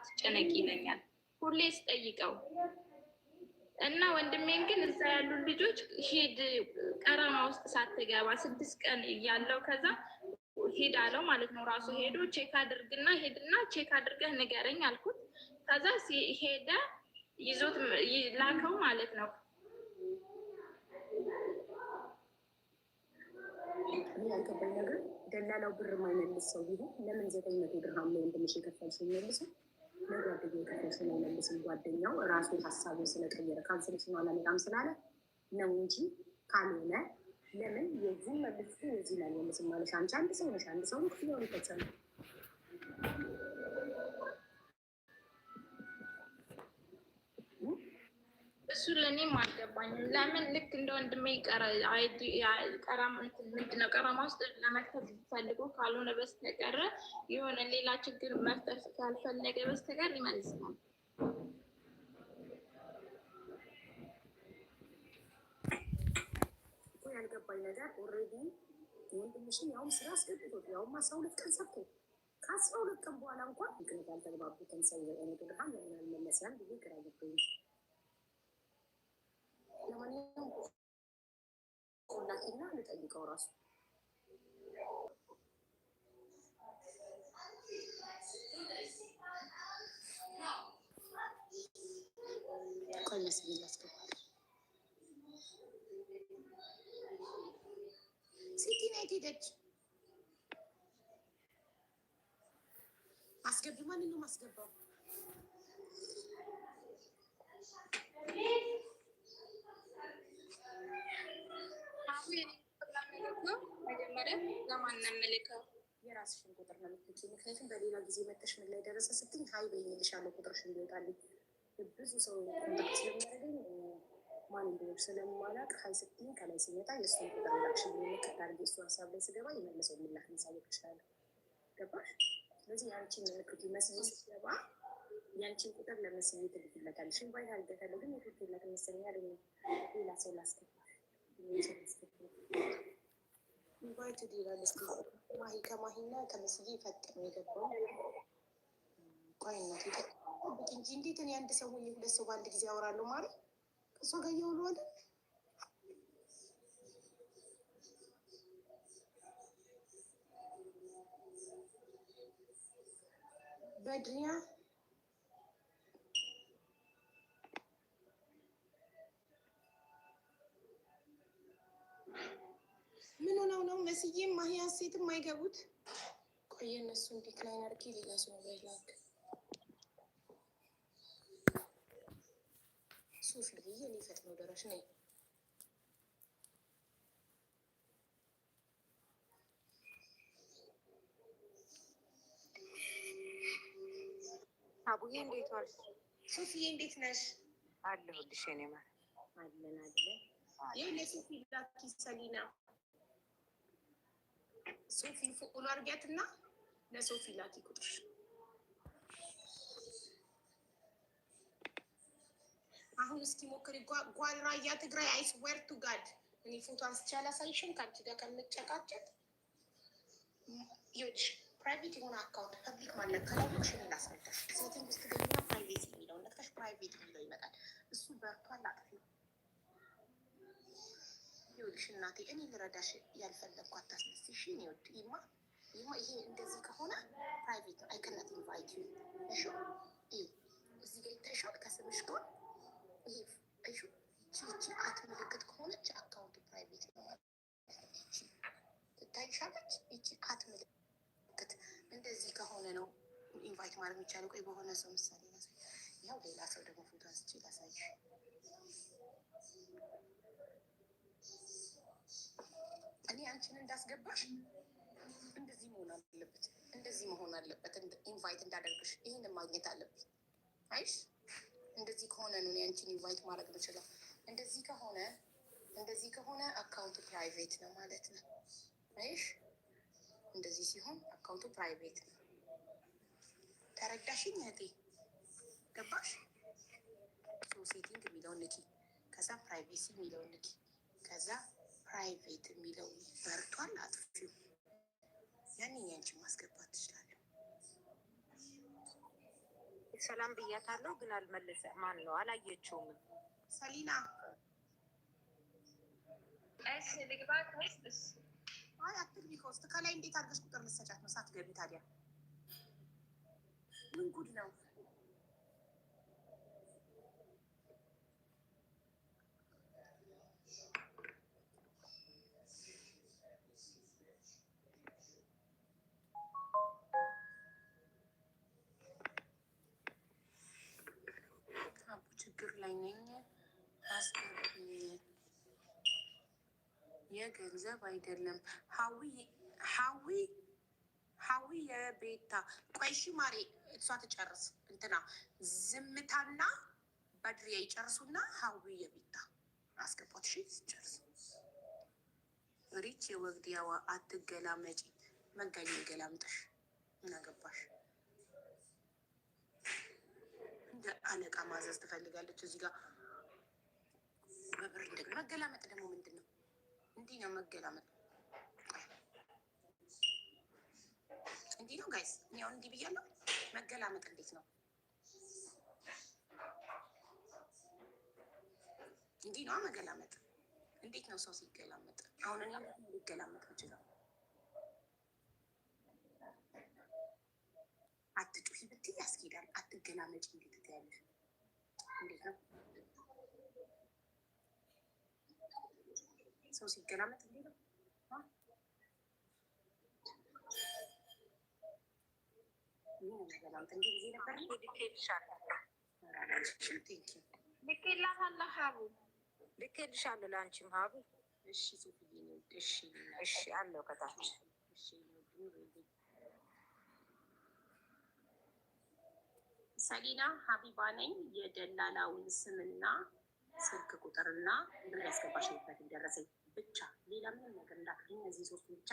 አትጨነቂ ይለኛል ሁሌ ስጠይቀው እና ወንድሜን ግን እዛ ያሉ ልጆች ሂድ ቀረማ ውስጥ ሳትገባ ስድስት ቀን እያለው ከዛ ሂድ አለው ማለት ነው። ራሱ ሄዶ ቼክ አድርግና ሄድና ቼክ አድርገህ ንገረኝ አልኩት። ከዛ ሄደ ይዞት ላከው ማለት ነው። ነገር ደላላው ብር ማይመልስ ሰው ቢሆን ለምን ዘጠኝ መቶ ድርሃም ወንድምሽ የከፈልሽው የሚመልሰው? ለጓደኛው ክፍል ስለመልስም ጓደኛው ራሱ ሀሳቡ ስለቀየረ ካንስሌሽን አላመጣም ስላለ ነው እንጂ ካልሆነ ለምን የዚህ መልስ የዚህ ላይ መልስ ማለሽ አንቺ አንድ ሰው ነሽ። አንድ ሰው ክፍል ሆን ይፈጸማል እሱ ለእኔም አልገባኝም። ለምን ልክ እንደ ወንድሜ ቀራም ምንድነው ቀራማ ውስጥ ለመክተት ፈልጎ ካልሆነ በስተቀረ የሆነ ሌላ ችግር መፍጠር ካልፈለገ በስተቀር ይመልስ ነው። ያልገባኝ ነገር ኦልሬዲ ወንድምሽን ያውም ስራ አስገብቶት ያውም አስራ ሁለት ቀን ሰብቶ ከአስራ ሁለት ቀን በኋላ እንኳን ምክንያት አልተግባቡትን ሰው ብርሃን ለምን አልመለሰም ብዬ ግራ ገባኝ። ለማንኛውም ቆላትና ልጠይቀው ራሱ አስገቢ ማንኛውም አስገባው መጀመሪያ የራስሽን ቁጥር ነው የምትልኪ። ምክንያቱም በሌላ ጊዜ መተሽ ምን ላይ ደረሰ ስትኝ ሀይ በይልሻለሁ ቁጥርሽ እንዲወጣል ብዙ ሰው ስለሚያደርገኝ ማን እንደሆንሽ ስለማላውቅ ሀይ ስትኝ ከላይ ሲመጣ የእሱን ቁጥር ላክሽ የሚከታር የእሱ ሀሳብ ላይ ስገባ የመለሰው የሚላክ ሊሳወቅ ይችላል። ገባሽ? ስለዚህ የአንቺን ምልክቱ መስዬ ስትገባ የአንቺን ቁጥር ለመስዬ ትልክለታለሽ። ባይ አልገታለ ግን የትልክለት መሰለኝ ሌላ ሰው ላስከፍ ማሂ ከማሂና ከመስዬ ፈጠኑ የገባው ቆይነት እንጂ አንድ ሰው ሆኜ ሁለት ሰው በአንድ ጊዜ አወራለሁ ማለት እሷ ጋር እየውሉ አለ በድሪያ መስዬም ማህያት ሴት ማይገቡት! ቆየ እነሱ እንዴት ላይ ናርኪ ሌላ ሰው በላክ ሱፍ ልይ ሊፈጥነው ደረሽ ነኝ አቡዬ እንዴት ዋልሽ? እንዴት ነሽ? አለሁልሽ። እኔ ማለት አለን አለን ይህ ለሶፊ ላኪ ሰሊና ሶፊ ፎሎ እና ለሶፊ ላኪ ቁጥር አሁን እስኪ ሞክሪ። ጓል ራያ ትግራይ አይስ ዌር ቱ ጋድ እኔ ፎቶ አንስቼ አላሳይሽም። ከአንቺ ጋር ከምጨቃጨት ዩች ፕራይቬት የሆነ አካውንት ፐብሊክ ማለት ከላሽን ላስረዳሽ ሴቲንግ ውስጥ ገኛ ፕራይቬት የሚለው ነክተሽ ፕራይቬት የሚለው ይመጣል። እሱ በርቷል አጥፊ ይኸውልሽ እናቴ እኔ ልረዳሽ ያልፈለግኩ አታስመስሽ። እኔ ወድ ይማ ይማ ይሄ እንደዚህ ከሆነ ፕራይቬት አይከናት ኢንቫይት ዩ እሺ። እዚህ ጋ ይታይሻል ከስምሽ ጋር ይሄ እሺ። ቺቺ አት ምልክት ከሆነች አካውንቱ ፕራይቬት ነው ትታይሻለች። ይቺ አት ምልክት እንደዚህ ከሆነ ነው ኢንቫይት ማድረግ የሚቻለው። ቆይ በሆነ ሰው ምሳሌ ያሳይ። ያው ሌላ ሰው ደግሞ ፎቶ አንስቼ ላሳይሽ እንዳስገባሽ እንደዚህ መሆን አለበት፣ እንደዚህ መሆን አለበት፣ ኢንቫይት እንዳደርግሽ ይህንን ማግኘት አለብኝ። አይሽ እንደዚህ ከሆነ ነው ያንቺን ኢንቫይት ማድረግ ምችለው። እንደዚህ ከሆነ እንደዚህ ከሆነ አካውንቱ ፕራይቬት ነው ማለት ነው። አይሽ እንደዚህ ሲሆን አካውንቱ ፕራይቬት ነው። ተረዳሽኝ እህቴ? ገባሽ? ሶ ሴቲንግ የሚለውን ንኪ፣ ከዛ ፕራይቬሲ የሚለውን ንኪ፣ ከዛ ፕራይቬት የሚለው በርቷል። አጥፊው ያንን ያንቺን ማስገባት ትችላለህ። ሰላም ብያታለሁ፣ ግን አልመለሰ። ማን ነው አላየችውም። ሰሊና እሺ፣ ልግባ ከውስጥ። አይ አትግቢ ከውስጥ። ከላይ እንዴት አድርገሽ ቁጥር ልትሰጫት ነው? ሳትገቢ ታዲያ ምን ጉድ ነው? አገናኘኝ የገንዘብ አይደለም ሀዊ ሀዊ የቤታ ቆይሺ ማሬ እሷ ትጨርስ እንትና ዝምታና በድሪያ ይጨርሱና ሀዊ የቤታ አስገባት። ሺ ትጨርስ ሪች የወግዲያዋ አትገላመጪ መጋኝ ገላምጠሽ እናገባሽ እንደ አለቃ ማዘዝ ትፈልጋለች። እዚህ ጋር በብር እንደግ መገላመጥ ደግሞ ምንድን ነው? እንዲህ ነው መገላመጥ። እንዲህ ነው ጋይስ፣ እኛው እንዲህ ብያለሁ። መገላመጥ እንዴት ነው? እንዲህ ነው መገላመጥ። እንዴት ነው ሰው ሲገላመጥ? አሁን እኔ ሊገላመጥ ይችላል አለብሽ ብትይ ያስኬዳል። አትገላለጭ እንዴት ትያለሽ? እንዴት ነው ሰው ሲገላመጥ እንዴት ነው? ገላመጥ እንዴት ጊዜ ነበር ልኬላታለሁ ሀቡ ልኬልሻለሁ። ለአንቺም ሀቡ እሺ፣ አለው ከታች ሰሊና ሀቢባ ነኝ። የደላላውን ስምና ስልክ ቁጥርና ብር ያስገባሽበትን ደረሰኝ ብቻ ሌላ ምንም ነገር እንዳትል። እነዚህ ሶስቱ ብቻ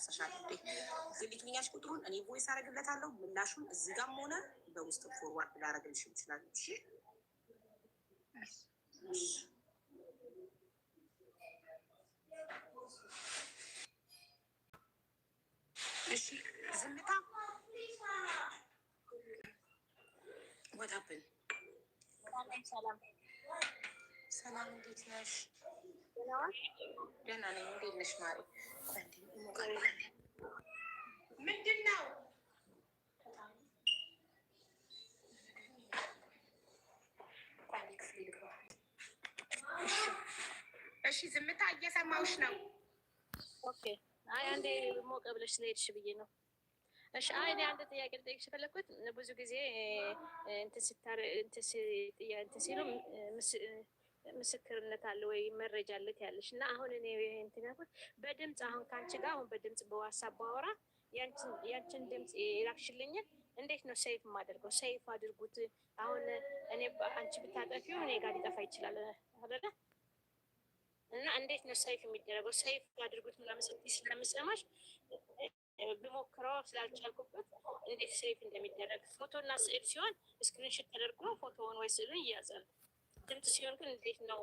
ጨርሰሻል። ግልትኛሽ ቁጥሩን እኔ ቮይስ አደርግለታለሁ። ምላሹን እዚህ ጋም ሆነ በውስጥ ፎርዋርድ ላደርግልሽ ይችላል። እሺ እሺ ዝምታ ወታብን ሰላም እንዴት ነሽ? ደህና ነኝ። እንዴት ነሽ ማሪ? ምንድን ነው እሺ፣ ዝምታ እየሰማሁሽ ነው። ኦኬ። አይ አንዴ ሞቀ ብለሽ ስለሄድሽ ብዬ ነው። እሺ። አይ እኔ አንድ ጥያቄ ልጠይቅሽ የፈለኩት ብዙ ጊዜ እንትን ስታር እንትን ሲሉ ምስክርነት አለ ወይ መረጃ አለት ያለሽ እና አሁን እኔ እንትን ያልኩት በድምፅ አሁን ከአንቺ ጋር አሁን በድምፅ በዋሳብ ባወራ ያንቺን ድምፅ የላክሽልኝን እንዴት ነው ሰይፍ የማደርገው? ሰይፍ አድርጉት። አሁን እኔ አንቺ ብታጠፊው እኔ ጋር ሊጠፋ ይችላል አይደለ? እና እንዴት ነው ሰይፍ የሚደረገው? ሰይፍ ያድርጉት ምናምን ስትይ ስለምሰማሽ ብሞክረው ስላልቻልኩበት እንዴት ሰይፍ እንደሚደረግ እና ስዕል ሲሆን ስክሪንሽት ተደርጎ ፎቶውን ወይ ስዕሉን ይያዛል። ድምፅ ሲሆን ግን እንዴት ነው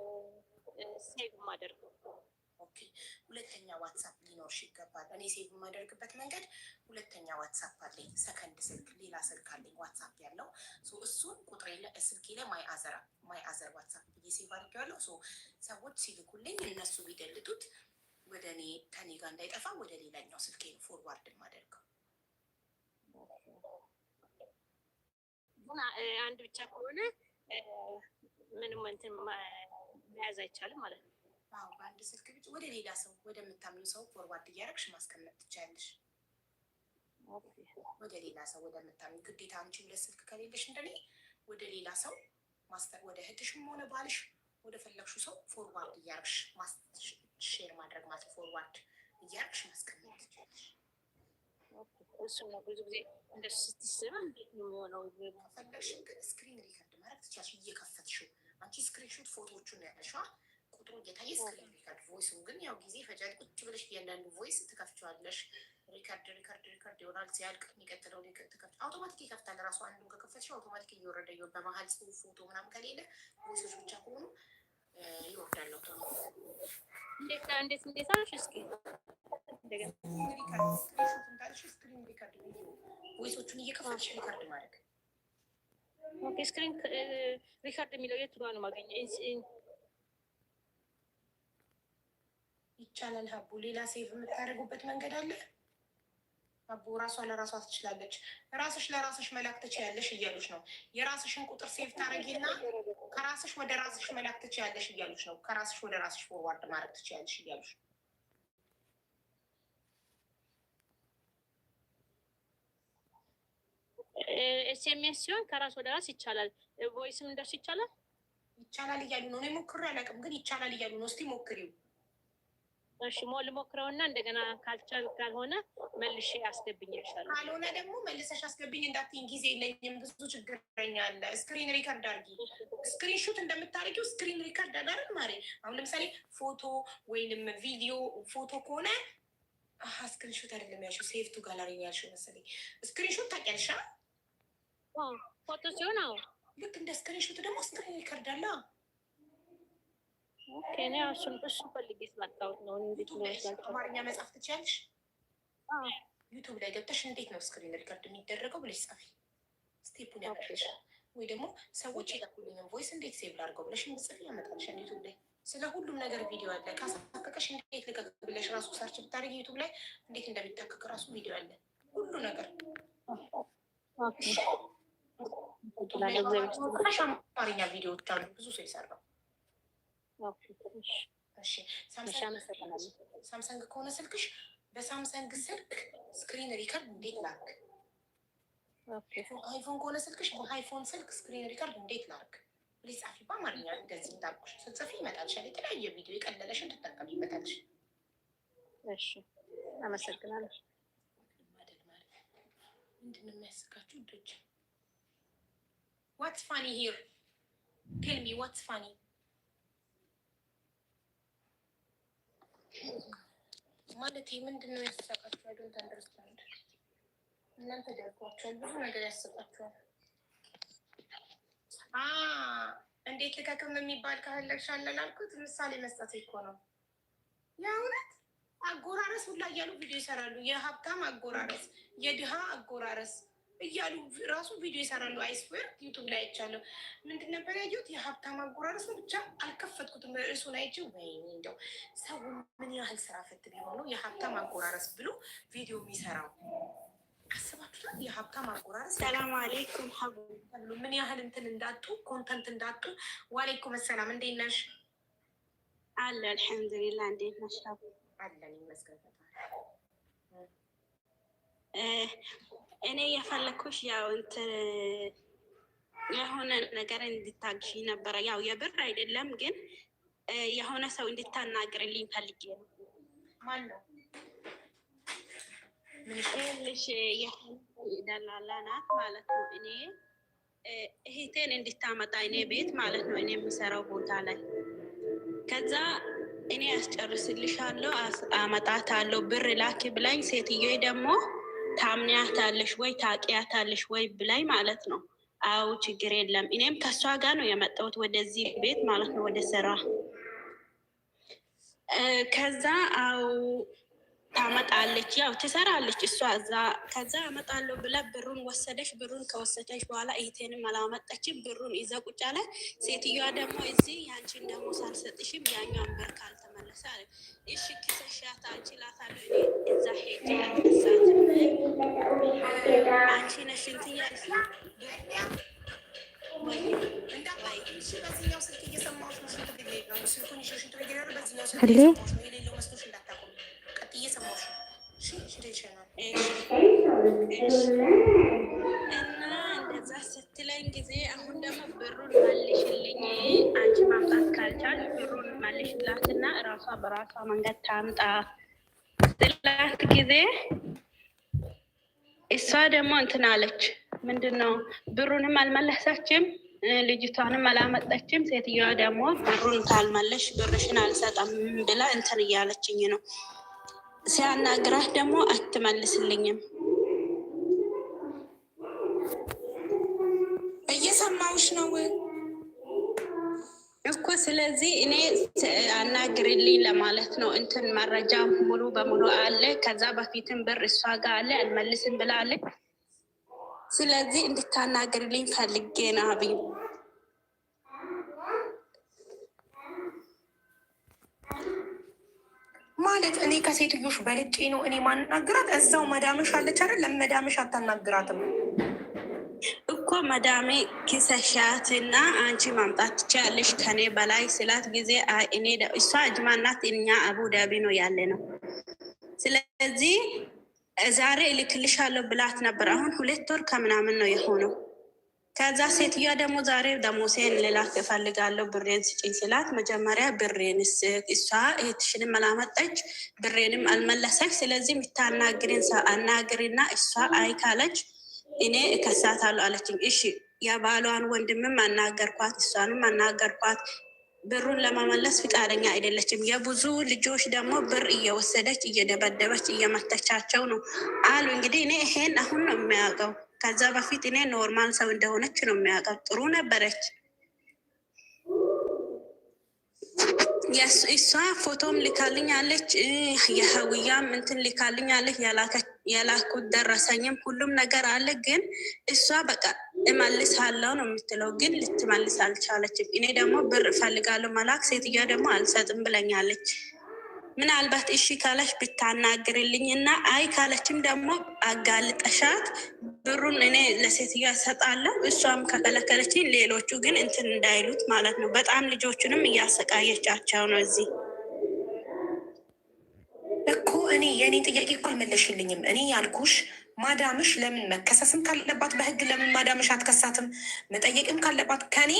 ሰይፍ የማደርገው? ኦኬ፣ ሁለተኛ ዋትሳፕ ሊኖርሽ ይገባል። እኔ ሴቭ የማደርግበት መንገድ ሁለተኛ ዋትሳፕ አለኝ፣ ሰከንድ ስልክ፣ ሌላ ስልክ አለኝ ዋትሳፕ ያለው እሱን ቁጥሬ ስልኬ ላይ ማይ አዘር ማይ አዘር ዋትሳፕ ብዬ ሴቭ አድርጌዋለሁ። ሰዎች ሲልኩልኝ እነሱ ቢደልጡት ወደ እኔ ከኔ ጋር እንዳይጠፋ ወደ ሌላኛው ስልኬ ፎርዋርድ ማደርገው አንድ ብቻ ከሆነ ምንም እንትን መያዝ አይቻልም ማለት ነው። በአንድ ስልክ ብቻ ወደ ሌላ ሰው ወደምታምኑ ሰው ፎርዋርድ እያደረግሽ ማስቀመጥ ትቻለሽ። ወደ ሌላ ሰው ወደምታምኑ ግዴታ አንቺ ሁለት ስልክ ከሌለሽ እንደኔ ወደ ሌላ ሰው ማስተር ወደ እህትሽም ሆነ ባልሽ ወደ ፈለግሹ ሰው ፎርዋርድ እያደረግሽ ሼር ማድረግ ማለት ፎርዋርድ እያደረግሽ ማስቀመጥ ትቻለሽ። እሱ ነው ብዙ ጊዜ እንደ ስትስብ እንዴት ነው የሚሆነው? ፈለግሽ ግን ስክሪን ሪከርድ ማድረግ ትቻለሽ እየከፈትሽው አንቺ ስክሪንሾት ፎቶዎቹን ያለሽዋ ግን ጌታዬ ስክሪን ሪከርድ ቮይሱ ግን ያው ጊዜ ይፈጃል። ቁጭ ብለሽ እያንዳንዱ ቮይስ ትከፍቸዋለሽ። ሪካርድ ሪካርድ ሪካርድ ይሆናል። ሲያልቅ የሚቀጥለው ትከፍ አውቶማቲክ ይከፍታል። ራሱ አንዱን ከከፈትሽ አውቶማቲክ እየወረደ ይሆን። በመሀል ጽሁፍ፣ ፎቶ ምናምን ከሌለ ቮይሶች ብቻ ከሆኑ ይወርዳል። አውቶማቲክ እንዴት እንዴት እንዴት አለሽ እስኪ ቮይሶቹን እየከፈትሽ ሪከርድ ማድረግ ስክሪን ሪከርድ የሚለው የት ነው ማገኘ ይቻላል። ሀቡ ሌላ ሴቭ የምታደርጉበት መንገድ አለ። ሀቡ ራሷ ለራሷ ትችላለች፣ ራስሽ ለራስሽ መላክ ትችያለሽ እያሉች ነው። የራስሽን ቁጥር ሴቭ ታደረጊና ከራስሽ ወደ ራስሽ መላክ ትችያለሽ እያሉች ነው። ከራስሽ ወደ ራስሽ ፎርዋርድ ማድረግ ትችያለሽ እያሉች ነው። ኤስኤምኤስ ሲሆን ከራስ ወደ ራስ ይቻላል። ቮይስም እንደርስ ይቻላል ይቻላል እያሉ ነው። እኔ ሞክሬ አላውቅም፣ ግን ይቻላል እያሉ ነው። እስቲ ሞክሪው እሺ ሞ ልሞክረውና እንደገና ካልቻል ካልሆነ መልሼ አስገብኝልሻለሁ። ካልሆነ ደግሞ መልሰሽ አስገብኝ እንዳትኝ፣ ጊዜ የለኝም ብዙ ችግረኛ አለ። ስክሪን ሪከርድ አርጊ። ስክሪን ሹት እንደምታደርጊው ስክሪን ሪከርድ አዳረግ ማሪ። አሁን ለምሳሌ ፎቶ ወይንም ቪዲዮ ፎቶ ከሆነ ስክሪን ሹት አይደለም ያልሽው፣ ሴቭ ቱ ጋላሪ ያልሽው መሰለኝ። ስክሪን ሹት ታውቂያለሽ? ፎቶ ሲሆን አዎ፣ ልክ እንደ ስክሪን ሹት ደግሞ ስክሪን ሪከርድ አለ ኬንያ እሱን እሱ ፈልጌ ነው። እንዴት ነው አማርኛ መጻፍ ትችያለሽ? ዩቱብ ላይ ገብተሽ እንዴት ነው ስክሪን ሪከርድ የሚደረገው ብለሽ ጻፊ። ስቴፑን ያመጣልሽ ወይ ደግሞ ሰዎች የላኩልኝን ቮይስ እንዴት ሴቭ ላድርገው ብለሽ ምጽፍ ያመጣልሻል። ዩቱብ ላይ ስለ ሁሉም ነገር ቪዲዮ አለ። ካሳከቀሽ እንዴት ልቀቅ ብለሽ ራሱ ሰርች ብታደርጊ ዩቱብ ላይ እንዴት እንደሚታከቅ ራሱ ቪዲዮ አለ። ሁሉ ነገር አማርኛ ቪዲዮዎች አሉ። ብዙ ሰው ይሰራው ሳምሰንግ ከሆነ ስልክሽ በሳምሰንግ ስልክ ስክሪን ሪከርድ እንዴት ላርግ? አይፎን ከሆነ ስልክሽ በአይፎን ስልክ ስክሪን ሪከርድ እንዴት ላርግ? ሊጻፊ በአማርኛ እንደዚህ እንዳልኩሽ ስትጽፊ ይመጣልሻል። የተለያየ ቪዲዮ የቀለለሽን ትጠቀሚ ይመጣልሽ። እሺ አመሰግናለሁ። ምንድን ነው የሚያስቃችሁ? ዋትስ ፋኒ ሂር ቴልሚ ዋትስ ፋኒ ማለት ምንድን ነው ያሳቃችሁ? አይዶንት አንደርስታንድ። እናንተ ደርጓቸዋል፣ ብዙ ነገር ያሰጣችኋል። እንዴት ልከክም የሚባል ካህለሻለን አልኩት። ምሳሌ መስጠት እኮ ነው የእውነት አጎራረስ ሁላ እያሉ ቪዲዮ ይሰራሉ። የሀብታም አጎራረስ፣ የድሃ አጎራረስ እያሉ ራሱ ቪዲዮ ይሰራሉ። አይስዌር ዩቱብ ላይ አይቻለሁ። ምንድን ነበር ያየሁት? የሀብታም አጎራረስ ነው። ብቻ አልከፈትኩትም። እርሱን አይቼ ወይኔ እንደው ሰው ምን ያህል ስራ ፈት ቢሆነው የሀብታም አጎራረስ ብሎ ቪዲዮ የሚሰራው አስባችሁታል? የሀብታም አጎራረስ ሰላም አሌይኩም ምን ያህል እንትን እንዳጡ ኮንተንት እንዳጡ። ዋሌይኩም ሰላም እንዴት ነሽ? አለ አልሐምዱሊላ። እንዴት ነሽ? አለን ይመስገን እኔ የፈለግኩሽ ያው እንትን የሆነ ነገር እንድታግሽ ነበረ። ያው የብር አይደለም ግን የሆነ ሰው እንድታናግርልኝ ፈልጌ ነው። ልሽ ደላላ ናት ማለት ነው። እኔ እህቴን እንድታመጣ እኔ ቤት ማለት ነው እኔ የምሰራው ቦታ ላይ ከዛ እኔ ያስጨርስልሻለሁ አመጣታለሁ ብር ላኪ ብላኝ ሴትዮ ደግሞ ታምንያታለሽ ወይ ታውቂያታለሽ ወይ ብላይ ማለት ነው። አው ችግር የለም እኔም ከእሷ ጋር ነው የመጣሁት ወደዚህ ቤት ማለት ነው ወደ ስራ ከዛ አው ታመጣለች ያው ትሰራለች እሷ እዛ። ከዛ አመጣለሁ ብላ ብሩን ወሰደች። ብሩን ከወሰደች በኋላ እህቴንም አላመጣችም። ብሩን ይዛ ቁጭ ላይ ሴትዮዋ ደግሞ እዚህ ያንቺን ደግሞ ሳልሰጥሽም ያኛውን ብር ካልተመለሰ አለ። እሺ ክሰሻት አልችላታለሁ እዛ ሄጅ ያልሳት አንቺ ነሽ እንትን ያልሽ አለብሽ እና እንደዛ ስትለኝ ጊዜ አሁን ደግሞ ብሩን መልሽልኝ፣ አንቺ ማምጣት ካልቻል ብሩን መልሽላትና እራሷ በራሷ መንገድ ታምጣ ስላት ጊዜ እሷ ደግሞ እንትን አለች። ምንድን ነው ብሩንም አልመለሰችም፣ ልጅቷንም አላመጣችም። ሴትዮዋ ደግሞ ብሩን ካልመለሽ ብርሽን አልሰጠም ብላ እንትን እያለችኝ ነው። ሲያናግራት ደግሞ አትመልስልኝም ስለዚህ እኔ አናግርልኝ ለማለት ነው። እንትን መረጃ ሙሉ በሙሉ አለ። ከዛ በፊትም ብር እሷ ጋር አለ አልመልስም ብላለ። ስለዚህ እንድታናግርልኝ ፈልጌ ነው። አብ ማለት እኔ ከሴትዮሽ በልጬ ነው እኔ ማናግራት። እዛው መዳመሽ አለች አይደል? ለመዳመሽ አታናግራትም እኮ መዳሜ ክሰሻትና አንቺ ማምጣት ትችያለሽ ከኔ በላይ ስላት ጊዜ እኔ እሷ አጅማ ናት፣ እኛ ዳቢ ነው ያለ ነው። ስለዚህ ዛሬ እልክልሻለሁ ብላት ነበር። አሁን ሁለት ወር ከምናምን ነው የሆነው። ከዛ ሴትዮዋ ደግሞ ዛሬ ደሞሴን ልላክ እፈልጋለሁ ብሬን ስጭኝ ስላት መጀመሪያ ብሬንስ እሷ እህትሽንም አላመጣች ብሬንም አልመለሰች። ስለዚህ የምታናግሪን አናግሪና እሷ አይካለች እኔ እከሳታለሁ አለችኝ። እሺ የባሏን ወንድምም አናገርኳት፣ እሷንም አናገርኳት። ብሩን ለመመለስ ፍቃደኛ አይደለችም። የብዙ ልጆች ደግሞ ብር እየወሰደች እየደበደበች እየመተቻቸው ነው አሉ። እንግዲህ እኔ ይሄን አሁን ነው የሚያውቀው። ከዛ በፊት እኔ ኖርማል ሰው እንደሆነች ነው የሚያውቀው። ጥሩ ነበረች። እሷ ፎቶም ልካልኛለች፣ የሀውያም እንትን ልካልኛለች ያላከች የላኩት ደረሰኝም ሁሉም ነገር አለ። ግን እሷ በቃ እመልሳለሁ ነው የምትለው፣ ግን ልትመልስ አልቻለችም። እኔ ደግሞ ብር እፈልጋለሁ መላክ፣ ሴትዮዋ ደግሞ አልሰጥም ብለኛለች። ምናልባት እሺ ካለች ብታናግርልኝ እና አይ ካለችም ደግሞ አጋልጠሻት ብሩን እኔ ለሴትዮዋ እሰጣለሁ። እሷም ከከለከለችኝ ሌሎቹ ግን እንትን እንዳይሉት ማለት ነው። በጣም ልጆቹንም እያሰቃየቻቸው ነው እዚህ እኮ እኔ የእኔ ጥያቄ እኮ አልመለሽልኝም። እኔ ያልኩሽ ማዳምሽ ለምን መከሰስም ካለባት በህግ ለምን ማዳምሽ አትከሳትም? መጠየቅም ካለባት ከኔ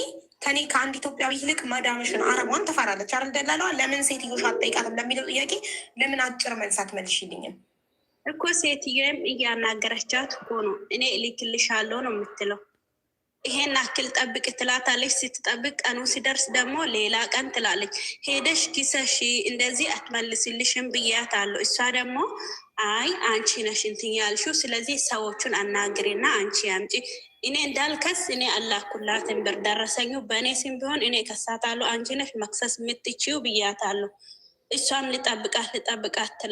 ከኔ ከአንድ ኢትዮጵያዊ ይልቅ ማዳምሽን አረቧን ተፈራለች አይደል? ደላለዋ ለምን ሴትዮሽ አትጠይቃትም ለሚለው ጥያቄ ለምን አጭር መልስ አትመልሽልኝም? እኮ ሴትዮም እያናገረቻት እኮ ነው እኔ እልክልሻለሁ ነው የምትለው ይሄን አክል ጠብቅ ትላታለች። ስትጠብቅ ቀኑ ሲደርስ ደግሞ ሌላ ቀን ትላለች። ሄደሽ ኪሰሽ እንደዚህ አትመልስልሽም አለ። እሷ ደግሞ አይ አንቺ ነሽ እንትን ያልሺው፣ ስለዚህ ሰዎቹን አናግሪና አንቺ አምጪ። እኔ እንዳልከስ እኔ አላኩላትን ብር ደረሰኙ በእኔ ስም ቢሆን እኔ ከሳታለሁ። አንቺ ነሽ መክሰስ የምትችው ብያት አለ። እሷም ልጠብቃት ልጠብቃት ትላለች።